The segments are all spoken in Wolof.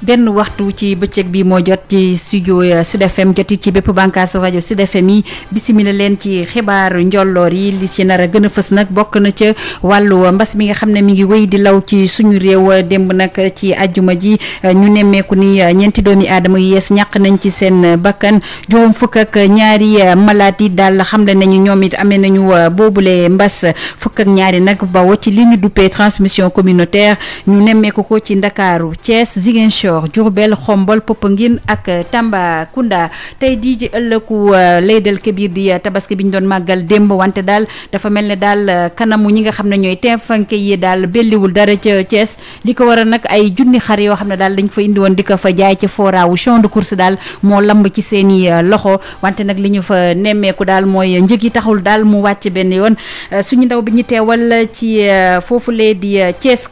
benn waxtu ci bëccëg bii moo jot ci studio euh, Sud FM jot it ci bépp bànkaasu rajo Sud FM yi bisimila leen ci xibaar njolloor yi li ci nar a gën a fës nag bokk na ca wàllu mbas mi nga xam ne mi ngi wéy di law ci suñu réew démb nag ci àjjuma ji euh, ñu nemmeeku ni euh, ñeenti doomi aadama yu yees ñàq nañ ci seen bakkan juróom fukk ak ñaari malaat yi daal xamle nañu ñoom it amee nañu boobulee mbas fukk ak ñaari nag ba ci li ñu duppee transmission communautaire ñu nemmeeku ci Ndakaaru Ziguinchor Diourbel Xombol Popenguine ak euh, Tambacounda tey euh, di ji ëllëgu Laydel Kébir di tabaski bi ñu doon màggal démb wante daal dafa mel ne daal euh, kanamu ñi nga xam ne ñooy teefanke yi daal belliwul dara ca Thiès li ko waral nag ay junni xar yoo xam ne daal dañ fa indi woon di ko fa jaay ci foraawu champ de course daal moo lamb ci seeni loxo wante nag li ñu fa nemmeeku daal mooy njëg yi taxul daal mu wàcc benn yoon suñu ndaw bi ñu teewal ci foofulee di Thiès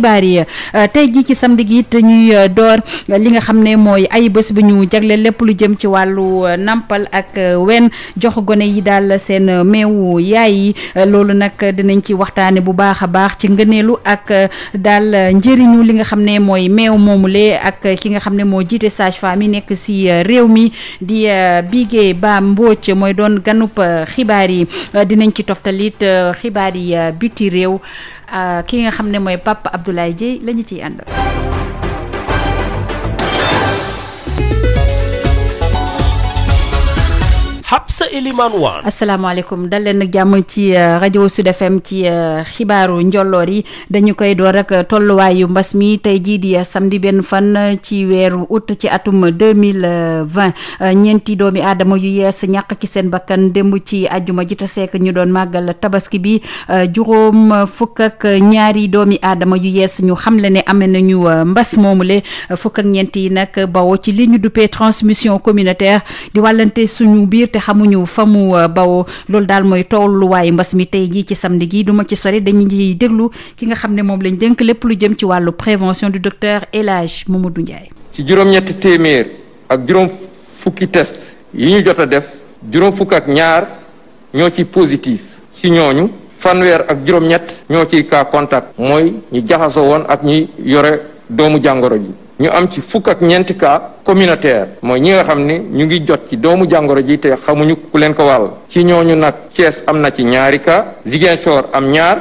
xibaar euh, tey jii ci samedi gi it ñuy euh, door li nga xam ne mooy ay bés bi ñu jagleel lépp lu jëm ci wàllu euh, nampal ak wen jox gone yi daal seen meewu yaay yi loolu nag dinañ ci waxtaane bu baax a baax ci ngëneelu ak daal njëriñu li nga xam ne mooy meew moomule ak ki nga xam ne moo jiite sage-femme yi nekk si réew mi di Bigué Ba Mbodj mooy doon ganub xibaar yi dinañ ci toftalit xibaar yi biti réew ki nga xam ne mooy Pape Abdou Abdoulaye Dieye la ñu ciy àndal Elimane Wane asalaamaaleykum dal leen jàmm ci euh, rajo Sud FM ci euh, xibaaru njolloor yi dañu koy door rek tolluwaayu mbas mi tey jii di euh, di benn fan ci weeru août ci atum deux mille vingt ñeenti doomi aadama yu yees ñàkk ki seen bakkan démb ci àjjuma ji te seek ñu doon màggal tabaski bi juróom fukk ak ñaari doomi aadama yu yees ñu xamle ne amee nañu mbas moomule fukk ak ñeent yi nag bawoo ci li ñu duppee transmission communautaire di wàllante suñu biir te xamuñu. ñu fa mu euh, bawoo loolu daal mooy tolluwaayu mbas mi tey jii ci samedi gi du ma ci sori dañuy déglu ki nga xam ne moom lañ dénk lépp lu jëm ci wàllu prévention du docteur El Hadj du Ndiaye. ci juróom-ñetti téeméer ak juróom fukki test yi ñu jot a def juróom fukk ak ñaar ñoo ci positif ci ñooñu fanweer ak juróom-ñett ñoo ciy cas contact mooy ñu jaxasoo woon ak ñi yore doomu jàngoro ji. ñu am ci fukk ak ñeenti cas communautaire mooy ñi nga xam ni ñu ngi jot ci doomu jàngoro ji te xamuñu ku leen ko wàll ci ñooñu nag Thiès am na ci ñaari cas Ziguinchor am ñaar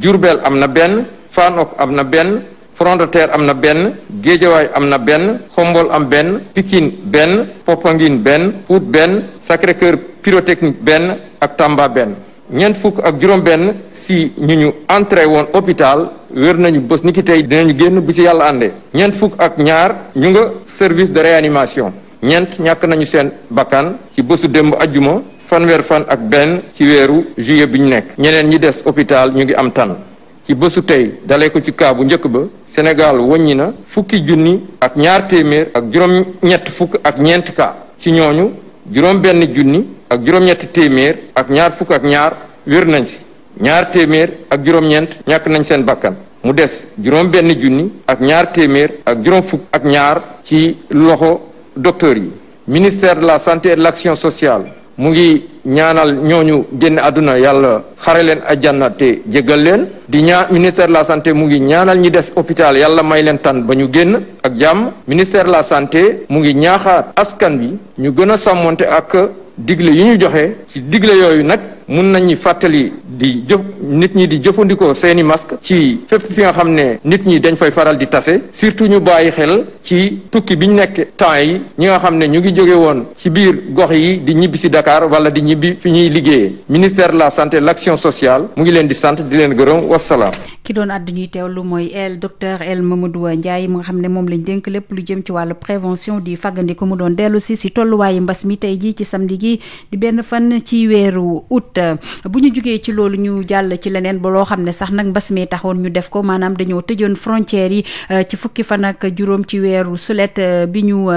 jurbeel am na benn Fanok am na benn Front am na benn Géejawaay am na benn Xombol am benn pikin benn Popenguine benn Pout benn Sacré-Cœur Pyrotechnique benn ak Tamba benn ñeent fukk ak juróom benn si ñu ñu entré woon hôpital wér nañu bës ni ki tey dinañu génn bu ci yàlla àndee ñeent fukk ak ñaar ñu nga service de réanimation ñeent ñàkk nañu seen bakkan ci bësu démb ajjuma fanweer fan ak benn ci weeru juillet bi ñu nekk ñeneen ñi des hôpital ñu ngi am tan ci bésu tey dalee ko ci kaa bu njëkk ba Sénégal wàññi na fukki junni ak ñaar téeméer ak juróom-ñett fukk ak ñeent ka ci ñooñu juróom benn junni ak juróom-ñett téeméer ak ñaar fukk ak ñaar wér nañ si ñaar téeméer ak juróom-ñeent ñàkk nañ seen bakkan mu des juróom benn junni ak ñaar téeméer ak juróom fukk ak ñaar ci loxo docteur yi ministère de la santé de l'action sociale mu ngi ñaanal ñooñu génn àdduna yàlla xare leen àjjana te jégal leen di ñaan ministère la santé mu ngi ñaanal ñi des hôpital yàlla may leen tànn ba ñu génn ak jàmm ministère la santé mu ngi ñaaxaat askan bi ñu gën a sàmmonte ak digle yi ñu joxe ci digle yooyu nag mun nañu fàttali di jëf nit ñi di jëfandikoo seeni masque ci fépp fi nga xam ne nit ñi dañ fay faral di tase surtout ñu bàyyi xel ci tukki bi ñu nekk temps yi ñi xam ne ñu ngi jóge woon ci biir gox yi di ñibbi si Dakar wala di ñibbi fi ñuy liggéeyee ministère de la santé laction action sociale mu ngi leen di sant di leen gërëm wasalaam. ki doon àddu ñuy teewlu mooy el docteur El Mamadou Ndiaye mu nga xam ne moom lañ dénk lépp lu jëm ci wàllu prévention di fàggandiku mu doon dellu si si tolluwaayu mbas mi tey jii ci samedi di benn fan ci weeru août. it euh, bu ñu jugee ci loolu ñu jàll ci leneen ba loo xam ne sax nag mbas mi taxoon ñu def ko maanaam dañoo tëjoon frontières yi euh, ci fukki fan ak juróom ci weeru sulet euh, bi ñu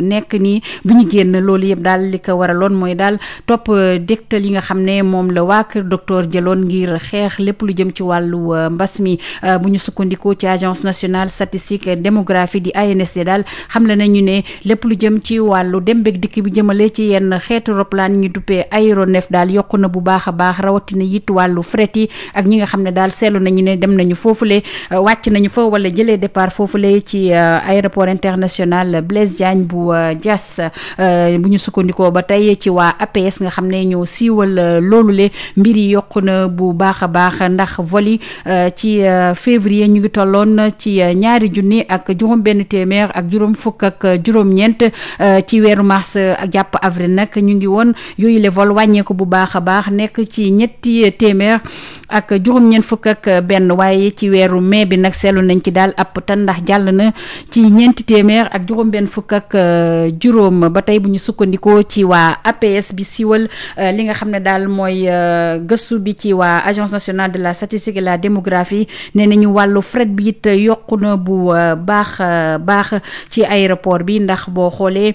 nekk nii bi ñu génn loolu yëpp daal li ko waraloon mooy daal topp dégtal yi nga xam ne moom la waa kër docteur jëloon ngir xeex lépp lu jëm ci wàllu mbas mi bu ñu sukkandikoo ci agence nationale statistique démographie di ANSD daal xam la nañu ne lépp lu jëm ci wàllu dem beeg dikk bi jëmale ci yenn xeetu roplaan ñu duppee aéronef bu baax a baax rawatina it wàllu fret yi ak ñi nga xam ne daal seetlu nañu ne dem nañu foofule euh, wàcc nañu fa wala jëlee départ foofule ci euh, aéroport international Blaise Diagne bu euh, Diass bu ñu sukkandikoo ba tey ci waa APS nga xam ne ñoo siiwal loolu le mbir yi yokku na bu baax a baax ndax vol yi ci février ñu ngi tolloon ci ñaari junni ak juróom benn téeméer ak juróom fukk ak juróom-ñeent ci weeru mars ak jàpp avril nag ñu ngi woon yooyu le wàññeeku bu baax nekk ci ñetti téeméer ak juróom-ñeent fukk ak benn waaye ci weeru mais bi nag seetlu nañ ci daal ab tan ndax jàll na ci ñeenti téeméer ak juróom-benn fukk ak euh, juróom ba tey bu ñu sukkandikoo ci waa APS bi siwal euh, li nga xam ne daal mooy euh, gëstu bi ci waa agence nationale de la statistique et la démographie nee nañu wàllu fret bi it yokku na bu baax baax ci aéroport bi ndax boo xoolee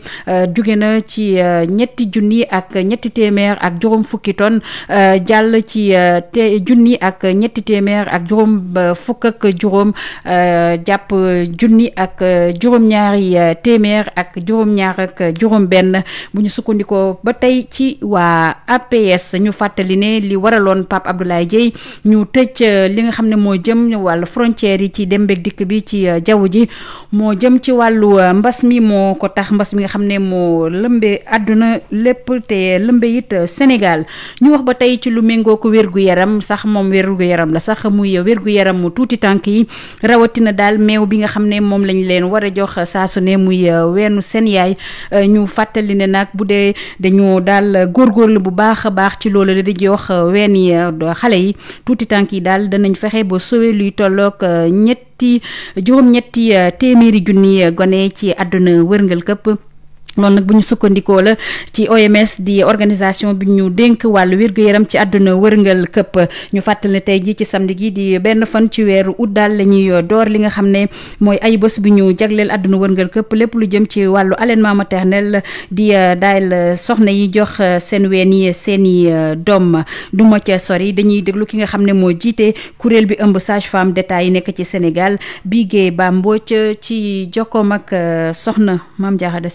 juge na ci ñetti junni ak ñetti téeméer ak juróom fukki tonnes Euh, jàll ci euh, te junni ak ñetti téeméer ak juróom fukk ak juróom euh, jàpp junni ak juróom-ñaari téeméer ak juróom-ñaar ak juróom-benn bu ñu sukkandikoo ba tey ci waa APS ñu fàttali ne li waraloon Pape Abdoulaye Dièye ñu tëj li nga xam ne moo jëm wàll frontière yi ci dem dikk bi ci jaww ji moo jëm ci wàllu mbas mi moo ko tax mbas mi nga xam ne moo lëmbe àdduna lépp te lëmbe Sénégal wax ba tey ci lu méngoo ko wér gu yaram sax moom wér gu yaram la sax muy wér gu yaram mu tuuti tànk yi rawatina daal meew bi nga xam ne moom lañ leen war a jox saasu ne muy euh, weenu seen yaay euh, ñu fàttali ne nag bu dee dañu daal góor góorgóorlu bu baax a baax ci loolu la di jox euh, ween yi xale yi tuuti tànk yi daal danañ fexe ba sowee luy tollook ñetti juróom-ñetti téeméeri junni gone ci àdduna wërngal këpp noonu nag bu ñu sukkandikoo la ci OMS di organisation bi ñu dénk wàll wér yaram ci àdduna wërngal këpp ñu fàttale ne tey jii ci samedi gi di benn fan ci weeru ut daal la ñuy door li nga xam ne mooy ay bës bu ñu jagleel àdduna wërngal këpp lépp lu jëm ci wàllu allaitement maternel di euh, daal euh, soxna yi jox euh, seen ween yi seen i doom du ma ca sori dañuy déglu ki nga xam ne moo jiite kuréel bi ëmb sage femme d'État yi nekk ci Sénégal Bigué Ba Mbodj ci jokkoom ak soxna Mame Diarra Da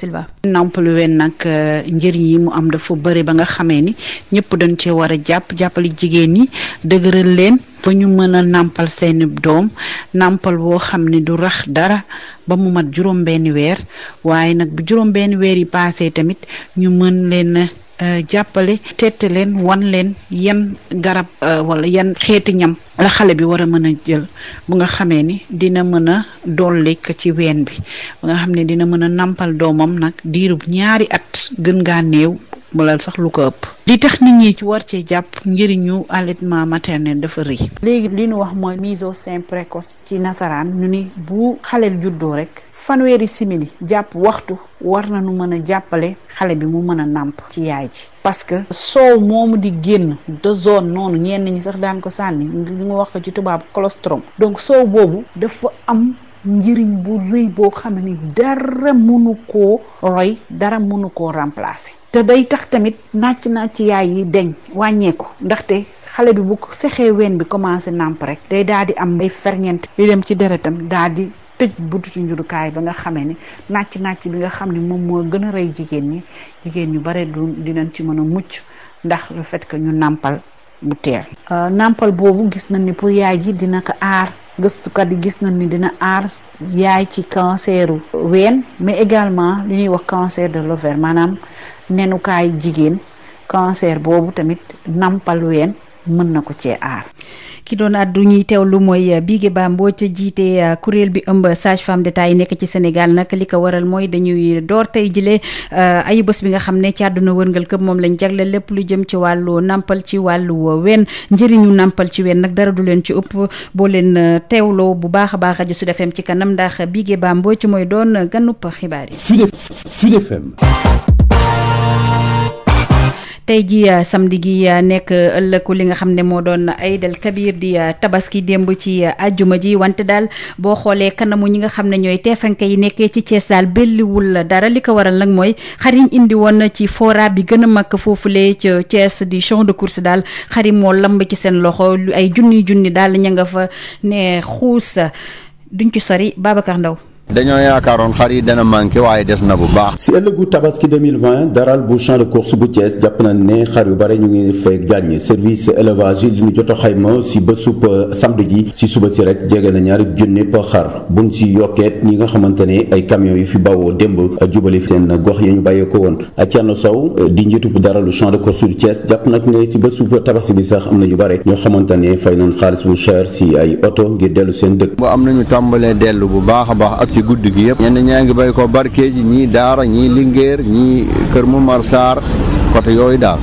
nampalu ween nag euh, njëriñ yi mu am dafa bëri ba nga xamee ni ñëpp dañ cee war a jàpp jàppale jigéen ñi dëgëral leen ba ñu mën a nàmpal seeni doom nàmpal boo xam ne du rax dara ba mu mat juróom benn weer waaye nag bu juróom benn weer yi paase tamit ñu mën leen Eh, jàppale tette leen wan leen yan garab eh, wala yan xeeti ñam la xale bi war a mën a jël bu nga xamee ni dina mën a dollik ci ween bi ba nga xam ne dina mën a nàmpal doomam nag diirub ñaari at gën ngaa néew ëmbalal sax lu ko ëpp li tax nit ñi ci war cee jàpp njëriñu allaitement maternel dafa rëy léegi li nu wax mooy mise au sein précoce ci nasaraan ñu ni bu xaleel juddoo rek fanweeri simili jàpp waxtu war nañu mën a jàppale xale bi mu mën a nàmp ci yaay ji parce que soow moomu di génn de zone noonu ñenn ñi sax daan ko sànni ñu wax ko ci tubaab colostrum donc soow boobu dafa am njëriñ bu rëy boo xam ne dara mënu koo roy dara mënu koo remplacer te day tax tamit nàcc nàcc yaay yi deñ wàññeeku ndaxte xale bi bu sexee ween bi commencé nàmp rek day daal di am ay ferñeent yu ci deretam daal di tëj bututu njurukaay ba nga xamee ni nàcc nàcc bi nga xam ne moom moo gën a rey jigéen ñi jigéen ñu bare du dinañ ci mën a mucc ndax le fait ñu nàmpal bu teel euh, boobu gis na ni pour yaay ji dina ko aar gëstukat yi gis nañ ni dina aar yaay ci canceru ween mais également li ñuy wax cancer de l'ovaire maanaam nenukaay jigéen cancer boobu tamit nampal ween mën na ko cee aar ki doon àddu ñuy lu mooy euh, Bigué Ba Mbodj jiite euh, kuréel bi ëmb sage femme d'État yi nekk ci senegal nag li ko waral mooy dañuy door tey jile euh, ay bés bi nga xam ne ci àdduna wërngal këpp moom lañ jagle lépp lu jëm ci wàllu nampal ci wàllu wen njëriñu nampal ci wen nag dara du leen ci ëpp boo leen teewloo bu baax a baax rajo Sud FM ci kanam ndax Bigué mboo ci mooy doon ganup xibaar yi. tey ji euh, samedi gi euh, nekk euh, ëllëgu li nga xam ne moo doon Aïdal Kabir di tabaski démb ci ajjuma ji wante daal boo xoolee kanamu ñi nga xam ne ñooy teefanke yi nekkee ci Thiès daal belliwul dara li ko waral nag mooy xariñ indi woon ci fora bi gën a mag foofulee ci Thiès di champ de course daal xar yi moo lamb ci seen loxo lu ay junni junni daal ña nga fa ne xuus duñ ci sori Babacar Ndaw dañoo yaakaaroon xar yi dana manqué waaye des na bu baax. si ëllëgu tabaski 2020 daral bu champ de course bu Thiès jàpp na ne xar yu bare ñu ngi fay gàññe service élevage yi li ñu jot xayma si bésub euh, samedi ji si suba si rek jege na ñaari junnepp xar buñ si yokkeet ñi nga xamante ne ay camions yu fi bawoo démb euh, jubali seen gox yi ñu bàyyee ko woon euh, Thierno Sow di njiitu daralu champ de course bu Thiès jàpp nag ne si bésub tabaski bi sax am na ñu bare ñoo xamante ne fay nañ xaalis bu cher si ay oto ngir dellu seen dëkk. am nañu tàmbalee dellu bu baax a baax ci guddi gi yëpp ñenn ñaa ngi bay ko barkeeji ñii daara ñii Linguère ñii Kër Momar Sarr côté yooyu daal.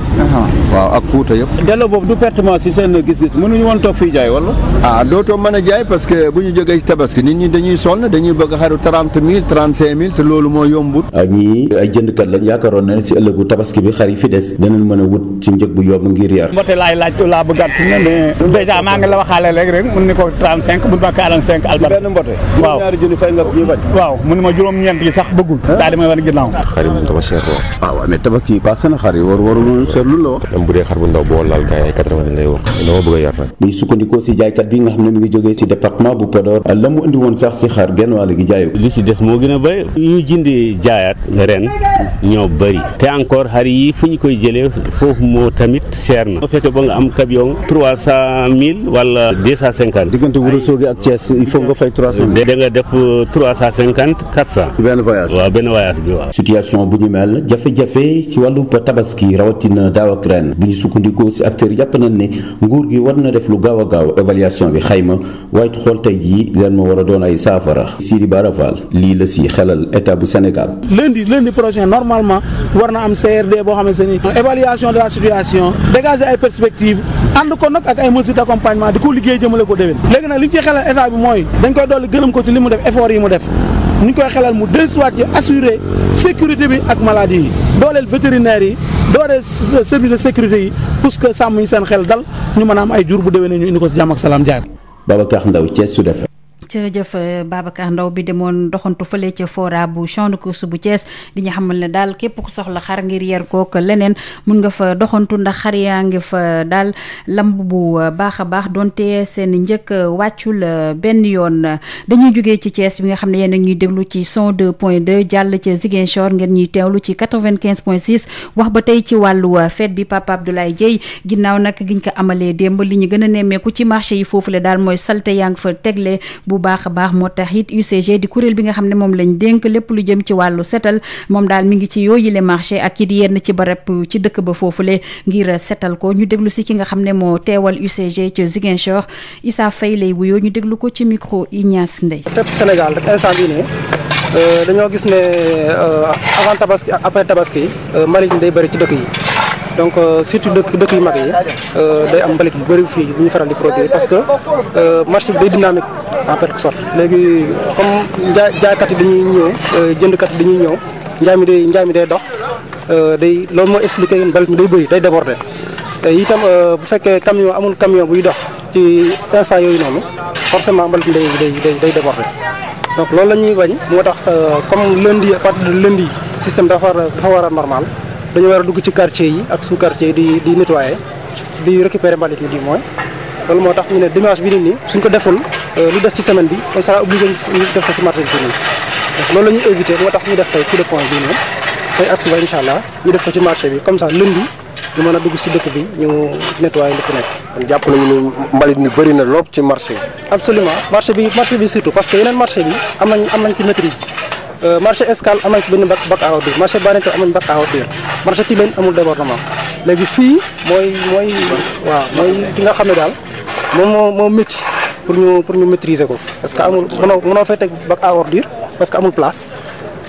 waaw ak Fuuta yëpp. delloo boobu du pertement si seen gis-gis mënuñu woon toog fii jaay wala. ah dootoo mën a jaay parce que bu ñu jógee ci tabaski nit ñi dañuy sonn dañuy bëgg xaru trente mille trente cinq mille te loolu moo yombut. Ah, ñii ay jëndkat lañ yaakaaroon ne si ëllëgu tabaski bi xar yi fi des danañ mën a wut si njëg bu yomb ngir yar. mboote laay laaj laa bëggaat fi mu ne mais dèjà maa ngi la waxaale léegi rek mun ni ko trente cinq mun ma quarante cinq albar. benn mboote. waaw ñaari junni fay nga ñu bañ. yi war warul seetlu la wax am bu dee xar bu ndaw boo laal gars yi ay quatre a nga yi fu ñu koy jëlee foofu moo tamit cher na bu fekkee ba nga am camion trois cent mille wala deux cent cinquante diggante Ouro Sogui ak Thiès il faut nga fay trois cent def euh, benn voyage bi waaw situation bu ñu mel jafe-jafe si wàllu tabaski tabaski rawatina daaw ak ren bu ñu sukkandikoo si acteurs yi jàpp nañ ne nguur gi war na def lu gaaw a gaaw évaluation bi xayma waaye xool tey jii leen ma war a doon ay saafara Sidi Bara Fall lii la si xelal état bu Sénégal. lundi lundi prochain normalement war na am CRD boo xamante ne évaluation de la situation dégager ay perspectives ànd ko nag ak ay mesures d'accompagnement di ko liggéey jëmale ko déwén. léegi nag li ñu ci xelal état bi mooy dañ ko ci li mu def effort yi bi ak maladie doore service de sécurité yi pour que sàmm ñu seen xel dal ñu mën a am ay jur bu déwénee ñu indi ko si jàmm ak salaam jaay. Babacar Ndaw Thiès su FM jërëjëf euh, Babacar Ndaw bi demoon doxantu fële ca fora bu champ de course bu Thiès di ñu xamal ne daal képp ku soxla xar ngir yar kook leneen mun nga fa doxantu ndax xar yaa ngi fa daal lamb bu euh, baax a baax donte seen njëkk euh, wàccul benn yoon dañuy jógee ci Thiès bi nga xam ne yéen ñuy déglu ci 102.2 jàll ca Ziguinchor ngeen ñuy teewlu ci 95.6 wax ba tey ci wàllu fête bi Papa Abdoulaye Dieye ginnaaw nag giñ ko amalee démb li ñu gën a nemmeeku ci marché yi foofu le daal mooy salte yaa ngi fa tegle bu baax a baax moo tax it UCG di kuréel bi nga xam ne moom lañ dénk lépp lu jëm ci wàllu setal moom daal mi ngi ci yooyu le marché ak it yenn ci barab ci dëkk ba foofu le ngir setal ko ñu déglu si ki nga xam ne moo teewal UCG ci Ziguinchor Issa Faye lay wuyoo ñu déglu ko ci micro Ignace Ndeye. fépp Sénégal rek instant bii ne euh, dañoo gis ne euh, avant tabaski après tabaski euh, maliñ day bëri ci dëkk yi. donc euh, surtout dëkk dëkk yu mag yi euh, day am mbalit bu bëri fii bu ñu faral di produire parce que euh, marché bi day dynamique en quelque sorte léegi comme njaay jaaykat yi dañuy ñëw jëndkat yi dañuy ñëw njaay mi day njaay mi day dox day loolu moo expliqué mbalit mi day bëri day débordé te itam bu fekkee camion amul camion buy dox ci instant yooyu noonu forcément mbalit mi day day day débordé donc loolu la ñuy bañ moo tax comme lundi à partir de lundi système dafa war a dafa war a normal dañu war a dugg ci quartier yi ak sous-quartier yi di di nettoyer di récupérer mbalit mi di mooy loolu moo tax ñu ne dimage bi ni nii suñ ko deful euh, lu des ci semaine bi on sera obligé ñu def ko ci marché bi moo tax ñu def tey coup de poing bii allah ñu def ko ci marché bi comme ça lundi ñu mën a dugg si dëkk bi ñu nettoyer li fi nekk. kon jàpp nañu ne mbalit mi bëri na lool ci marché bi. absolument marché bi marché bi surtout parce que yeneen marché bi am nañ am nañ ci maîtrise. Euh, marché Escale am nañ ci benn bac bac à ordures marché Banete am nañ bac à ordures marché Tilène amul débordement léegi fii mooy mooy waaw mooy fi nga xam ne daal moom moo moo pour ñu pour ñu maîtriser ko parce que amul mënoo mënoo fay teg bac à ordures parce que amul place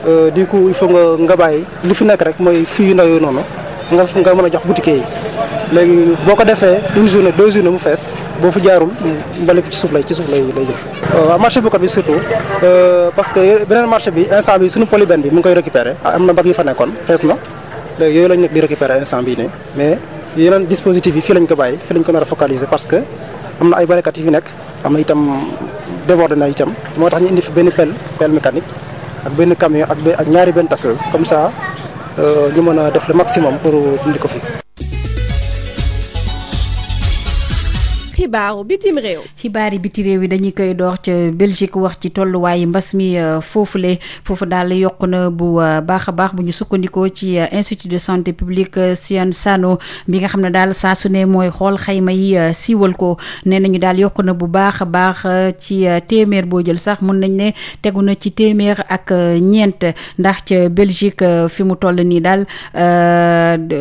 euh, di coup il faut nga nga bàyyi lu fi nekk rek mooy fii ndaw yooyu noonu nga nga mën a jox boutique yi léegi boo ko defee une journée deux journées mu fees boo fi jaarul mbalit ci suuf lay ci suuf lay lay jëm. waaw euh, marché bu kat bi surtout euh, parce que beneen marché bi instant bi suñu benn bi mu ngi koy récupérer ah, am na mbag yu fa nekkoon fees na léegi yooyu lañ nekk di récupérer instant bii nii mais yeneen dispositif yi fii lañ ko bàyyi fi lañ ko nar a focaliser parce que am ay barakat yu fi nekk am na itam débordé na itam moo tax ñu indi fi benn pelle pelle mécanique ak benn camion ak ak ñaari benn tasseuse comme ça euh, ñu mën a def le maximum pour indi ko fi. xibaaru bitim réew. xibaar yi biti réew yi dañuy koy door ca Belgique wax ci tolluwaayu mbas mi euh, foofule foofu daal yokk na bu euh, baax a baax bu ñu sukkandikoo ci euh, institut de santé publique Syan Sano bi nga xam ne daal saa su ne mooy xool xayma yi siiwal ko nee nañu daal yokk na bu baax a baax ci téeméer boo jël sax mun nañ ne tegu na ci téeméer ak ñeent ndax ca Belgique fi mu toll nii daal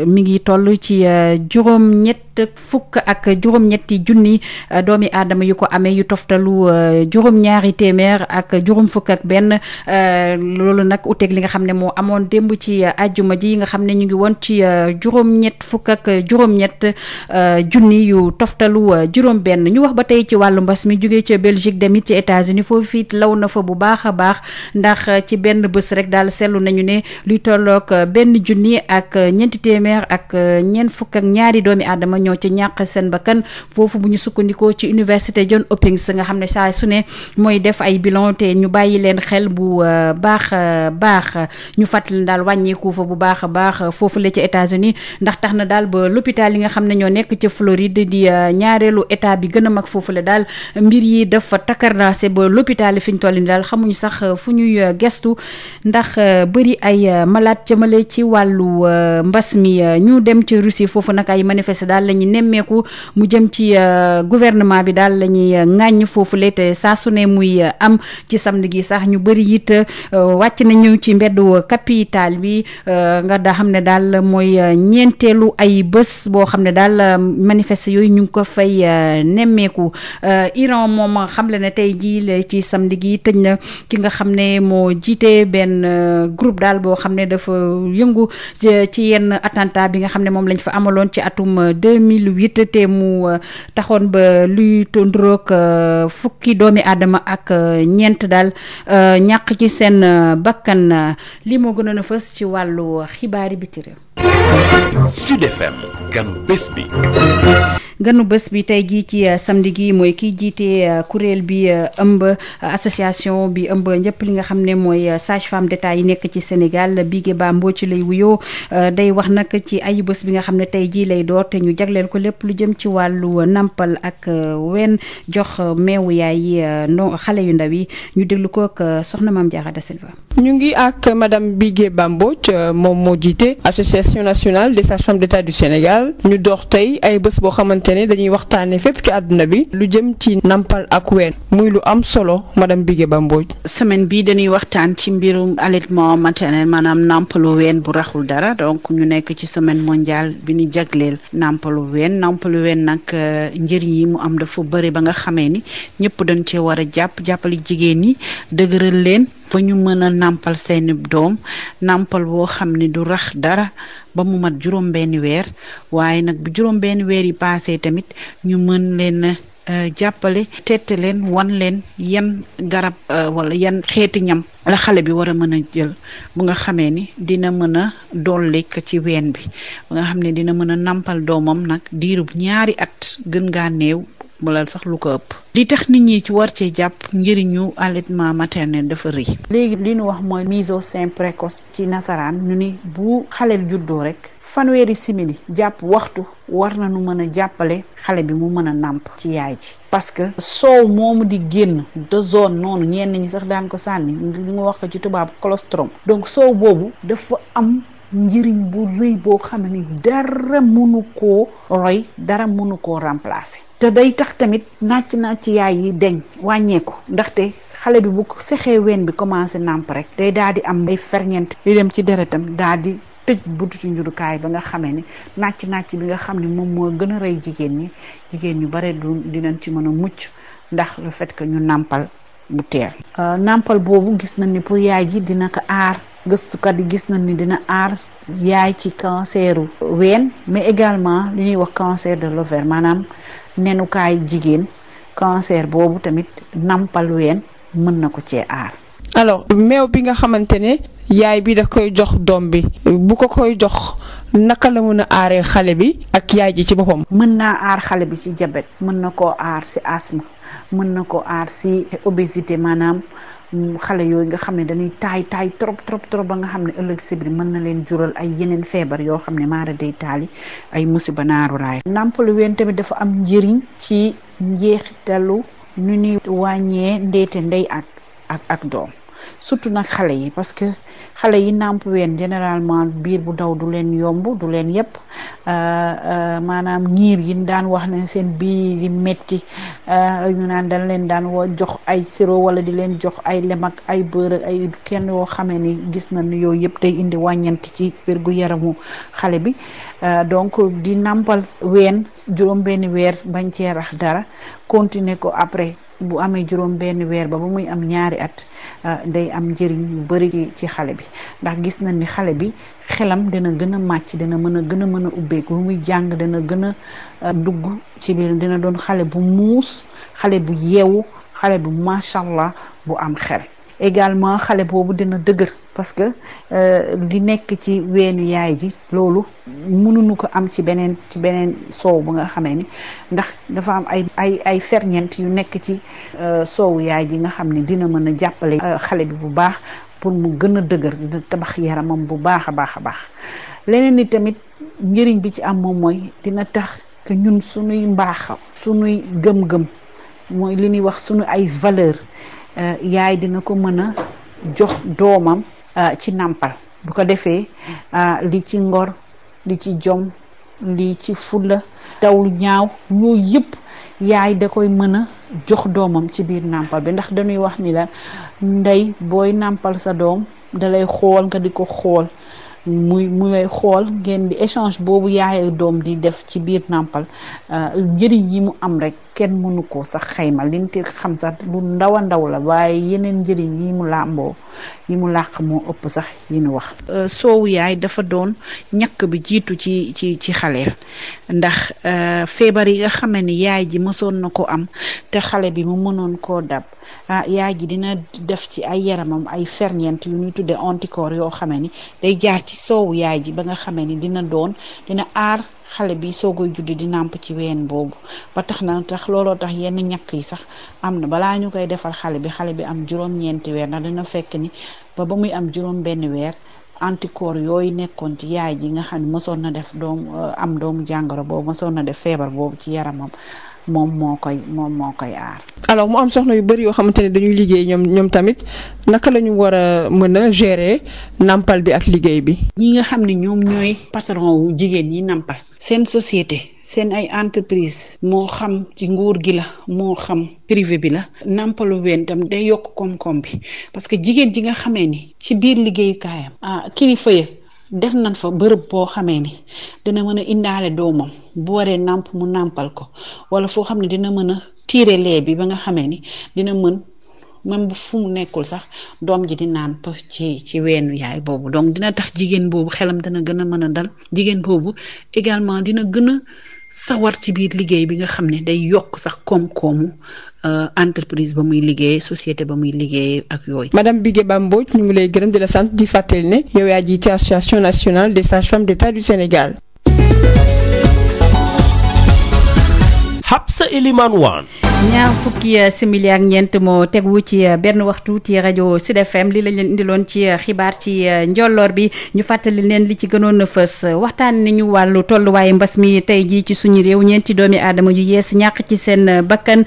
mi ngi toll ci juróom-ñett fukk ak juróom-ñetti junni junni euh, doomi aadama yu ko amee yu toftalu euh, juróom ñaari téeméer ak juróom fukk ak benn euh, loolu nag uteeg li nga xam ne moo amoon démb ci ajjuma ji nga xam ne ñu ngi woon ci juróom-ñett fukk ak juróom-ñett junni yu toftalu juróom benn ñu wax ba tey ci wàllu mbas mi jugee ca Belgique demit ci États-Unis foofu it law na fa bu baax a baax ndax ci benn bés rek daal seetlu nañu ne luy tolloog benn junni ak ñeenti téeméer ak ñeent fukk ak ñaari doomi aadama ñoo ci ñàq seen bakkan foofu bu ñu sukkandikoo ci université John Hopkins nga xam ne saa su ne mooy def ay bilan te ñu bàyyi leen xel bu euh, baax euh, baax ñu fàttali daal wàññeeku fa bu baax a baax foofu la ci États-Unis ndax tax na daal ba l'hôpital yi nga xam ne ñoo nekk ca Floride di euh, ñaareelu état bi gën a mag foofu la daal mbir yi dafa takarnaase ba l'hôpital yi fi ñu toll ni daal xamuñu sax fu ñuy gestu ndax bëri ay malade ca male ci wàllu mbas mi ñu dem ci Russie foofu nag ay manifeste gouvernement bi daal la ñuy euh, ŋàññ foofulee te saa su ne muy euh, am ci samedi yi sax ñu bëri it euh, wàcc nañu ci mbeddu capital bi nga daa xam ne daal mooy ñeenteelu ay bés boo xam ne daal manifeste yooyu ñu ngi ko fay nemmeeku Iran moom xam le ne tey jii la ci samedi gi tëj na ki nga xam ne moo jiite benn groupe daal boo xam ne dafa yëngu ci yenn attentat bi nga xam ne moom lañ fa amaloon ci atum 2008 te mu taxoon woon ba luy tondroog euh, fukki doomi aadama ak euh, ñeent daal euh, ñàq ci seen bakkan lii moo gënoon a fës ci wàllu xibaar i biti réew Sud FM ganu bés bi ganu bés bi tey jii ci euh, samedi gi mooy kiy jiite euh, kuréel bi euh, ëmb association bi ëmb ñëpp li nga xam ne mooy sage-femme d'État yi nekk ci Sénégal Bigué Ba Mbodj lay wuyoo day wax nag ci ayu bés bi nga xam ne tey jii lay door te ñu jagleel ko lépp lu jëm ci wàllu nampal ak wenn jox meewu yaay yi ndo xale yu ndaw yi ñu déglu ko ak soxna Maam Diarra Silva. ñu ngi ak madame Bigué Ba Mbodj moom moo jiite association nationale. nationale des sages-femmes d'État du Sénégal ñu dox tey ay bés boo xamante ne dañuy waxtaanee fépp ci àdduna bi lu jëm ci nampal ak ween muy lu am solo madame Bigué Ba Mbodj. semaine bii dañuy waxtaan ci mbirum allaitement maternel maanaam nampalu ween bu raxul dara donc ñu nekk ci semaine mondiale bi ñu jagleel nampalu ween nampalu ween nag euh, njëriñ yi mu am dafa bëri ba nga xamee ni ñëpp dañ cee war a jàpp jàppale jigéen ñi dëgëral leen. ba ñu mën a nàmpal seeni doom nàmpal boo xam ne du rax dara ba mu mat juróom benn weer waaye nag bu juróom benn weer yi paasee tamit ñu mën leen e, jàppale tette leen wan leen yan garab e, wala yan xeeti ñam la xale bi war a mën a jël bu nga xamee ni dina mën a dollik ci ween bi ba nga xam ne dina mën a nàmpal doomam nag diirub ñaari at gën ngaa néew wala sax lu ko ëpp li tax nit ñi ci war cee jàpp njëriñu allaitement maternel dafa rëy léegi li nu wax mooy mise au sein précoce ci nasaraan ñu ni bu xale juddoo rek fanweeri simili jàpp waxtu war nañu mën a jàppale xale bi mu mën a nàmp ci yaay ci parce que soow moomu di génn de zone noonu ñenn ñi sax daan ko sànni ñu wax ko ci tubaabu colostrum donc soow boobu dafa am njëriñ bu rëy boo xam ni dara mënu ko roy dara mënu koo remplacer te day tax tamit nàcc nàcc yaay yi deñ wàññeeku ndaxte xale bi bu sexee ween bi commencé nàmp rek day daal di am ay ferñeent li dem ci deretam daal di tëj bututu njurukaay ba nga xamee ni nàcc nàcc bi nga xam ni moom moo gën a rey jigéen ñi jigéen ñu bare du dinañ ci mën a mucc ndax le fait que ñu nàmpal bu teel euh, nàmpal boobu gis nañ ni pour yaay ji dina ko aar gëstukat di gis nañ ni dina aar yaay ci canceru ween mais également li ñuy wax cancer de l'ovaire maanaam nenukaay jigéen cancer boobu tamit nampal ween mën na ko cee aar. alors meew bi nga xamante ne yaay bi daf koy jox doom bi bu ko koy jox naka la mën a aaree xale bi ak yaay ji ci boppam. mën naa aar xale bi ci diabète mën na koo aar ci asthme mën na ko aar ci obésité maanaam xale yooyu nga xam ne dañuy taay taay trop trop trop ba nga xam ne ëllëg si mën na leen jural ay yeneen feebar yoo xam ne maara day taali ay musiba naaru raay. nàmpalu ween tamit dafa am njëriñ ci njeexitalu nu ñuy wàññee ndeete ndey ak ak ak doom. surtout nag xale yi parce que xale yi nàmp ween généralement biir bu daw du leen yomb du leen yëpp euh, euh, maanaam ñiir yi daan wax ne seen biir yi metti euh, ñu naan dañ leen daan wa jox ay siro wala di leen jox ay lem ay bër ay kenn woo xamee ni gis nañ yooyu yëpp day indi wàññanti ci wérgu yaramu xale bi donc di nàmpal ween juróom benn weer bañ cee dara continuer ko après bu amee juróom benn weer ba ba muy am ñaari at euh, day am njëriñ yu bari ci xale bi ndax gis nañ ni xale bi xelam dana gën a màcc dana mën a gën a mën a ubbeeku lu muy jàng dana gën a euh, dugg ci biir dina doon xale bu muus xale bu yeewu xale bu macha allah bu am xel. également xale boobu dina dëgër parce que li euh, nekk ci weenu yaay ji loolu mënuñu ko am ci beneen ci beneen soow bu nga xamee ni ndax dafa am ay ay ay ferñeent yu nekk ci euh, soowu yaay ji nga xam ni dina mën a jàppale euh, xale bi bu baax pour mu gën a dëgër dina tabax yaramam bu baax a baax a baax leneen ni tamit njëriñ bi ci am moom mooy dina tax que ñun suñuy mbaax suñuy gëm-gëm mooy li ñuy wax suñu ay valeur Euh, yaay dina ko mën a jox doomam euh, ci nàmpal bu ko defee euh, li ci ngor li ci jom li ci fulla daw ñaaw yooyu yëpp yaay da koy mën a jox doomam ci biir nàmpal bi ndax dañuy wax ni la ndey booy nàmpal sa doom dalay xool nga di ko xool muy mu lay xool ngeen di échange boobu yaay doom di def ci biir nàmpal njëriñ yi mu am rek kenn mënu koo sax xayma liñ ci xam sax lu ndaw ndaw la waaye yeneen njëriñ yi mu làmboo yi mu làq moo ëpp sax yi nu wax. Euh, soowu yaay dafa doon ñàkk bi jiitu ci ci ci xale ndax euh, feebar yi nga xam ni yaay ji mësoon na ko am te xale bi mu mënoon koo dab ah, yaay ji dina def ci ay yaramam ay ferñeent yu ñuy tuddee anticorps yoo xame ni day jaar ci soowu yaay ji ba nga xam ni dina doon dina aar. xale bi soogay juddi di nàmp ci ween boobu ba tax na tax looloo tax yenn ñàkk yi sax am na balaa ñu koy defal xale bi xale bi am juróom-ñeenti weer ndax dina fekk ni ba ba muy am juróom benn weer anticorps yooyu nekkoon ci yaay ji nga xam ne mësoon na def doomu am doomu jàngoro boobu mësoon na def feebar boobu ci yaramam moom moo koy moom moo koy aar. alors mu am soxna yu bëri yoo xamante ne dañuy liggéey ñoom ñoom tamit naka lañu ñu war a mën a gérer nampal bi ak liggéey bi. ñi nga xam ni ñoom ñooy patron wu jigéen ñi nampal. seen société. seen ay entreprise moo xam ci nguur gi la moo xam privé bi la nàmpalu ween tam day yokk koom-koom bi parce que jigéen ji nga xamee ni ci biir liggéeyukaayam ah kilifa ya def nañ fa bërëb boo xamee ni dina mën a indaale doomam bu waree nàmp mu nàmpal ko wala foo xam ne dina mën a tiire lee bi ba nga xamee ni dina mën même bu fu mu nekkul sax doom ji di nàmp ci ci weenu yaay boobu donc dina tax jigéen boobu xelam dana gën a mën a dal jigéen boobu également dina gën sawar ci biir liggéey bi nga xam ne day yokk sax koom-koomu euh, entreprise ba muy liggéey société ba muy liggéey ak yooyu. madame Bigué Bambodj ñu ngi lay gërëm di la sant di fàttali ne yow yaa jiite association nationale des sages-femmes d'État du Sénégal. ñaar fukki euh, simili ak ñeent moo tegu ci euh, benn waxtu ci rajo Sud FM li lañ leen indiloon ci euh, xibaar ci njolloor bi ñu fàttali leen li ci gënoon a fës waxtaan nañu wàllu tolluwaayu mbas mi tey jii ci suñu réew ñeenti doomi aadama yu yees ñàkk ci seen bakkan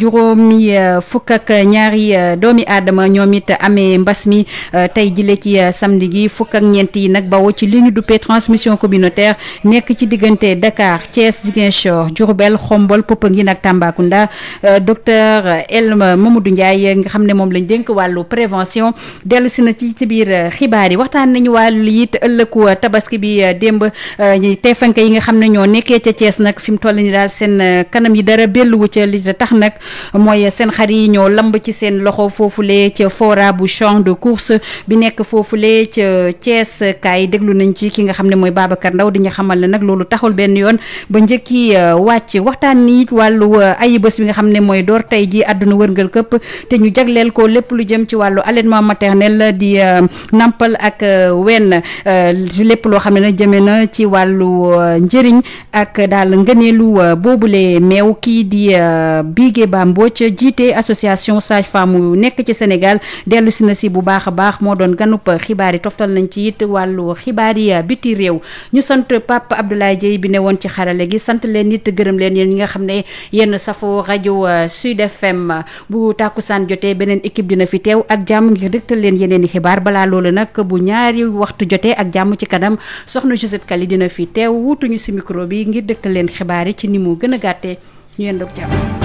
juróomi fukk ak ñaari doomi aadama ñoom it amee mbas mi tey jile ci samedi gi fukk ak ñeent yi nag bawoo ci li ñu duppee transmission communautaire nekk ci diggante Dakar Thiès Ziguinchor Diourbel Xombol Popenguine ak Tambacounda. Euh, docteur Elma Mamadou Ndiaye nga xam ne moom lañ dénk wàllu prévention dellu si na ci ci biir euh, xibaar yi waxtaan nañu wàllu it ëllëgu euh, tabaski bi démb teefanke yi nga xam ne ñoo nekkee ca Thiès nag fi mu toll ni daal seen kanam yi dara belluwu ca li tax nag mooy seen xar yi ñoo lamb ci seen loxo foofu foofule ca fora bu champ de course bi nekk foofu foofule ca Thiès kaay déglu nañ ci ki nga xam ne mooy Babacar Ndaw di nga xamal nag loolu taxul benn yoon ba xam ne mooy door tey ji àdduna wërngal këpp te ñu jagleel ko lépp lu jëm ci wàllu allaitement maternel di euh, nàmpal ak euh, wenn euh, lépp loo xam ne nag jëmee na ci wàllu njëriñ ak daal ngëneelu boobule meew kii di Bigué Ba Mbodj jiite association sage femme yu nekk ci Sénégal dellu si na si bu baax a baax moo doon ganup xibaar yi toftal nañ ci it wàllu xibaar yi biti réew ñu sant Pape Abdoulaye Dieye bi ne woon ci xarale gi sant leen nit gërëm leen yéen ñi nga xam ne yenn safo rajo euh, Sud FM bu tàkkusaan jotee beneen équipe dina fi teew ak jàmm ngir dëgtal leen yeneen i xibaar balaa loolu nag bu ñaari waxtu jotee ak jàmm ci kanam soxna Josette Kaly dina fi teew wutuñu si micro bi ngir dëgtal leen xibaar yi ci ni mu gën a gàttee ñu yendoog jàmm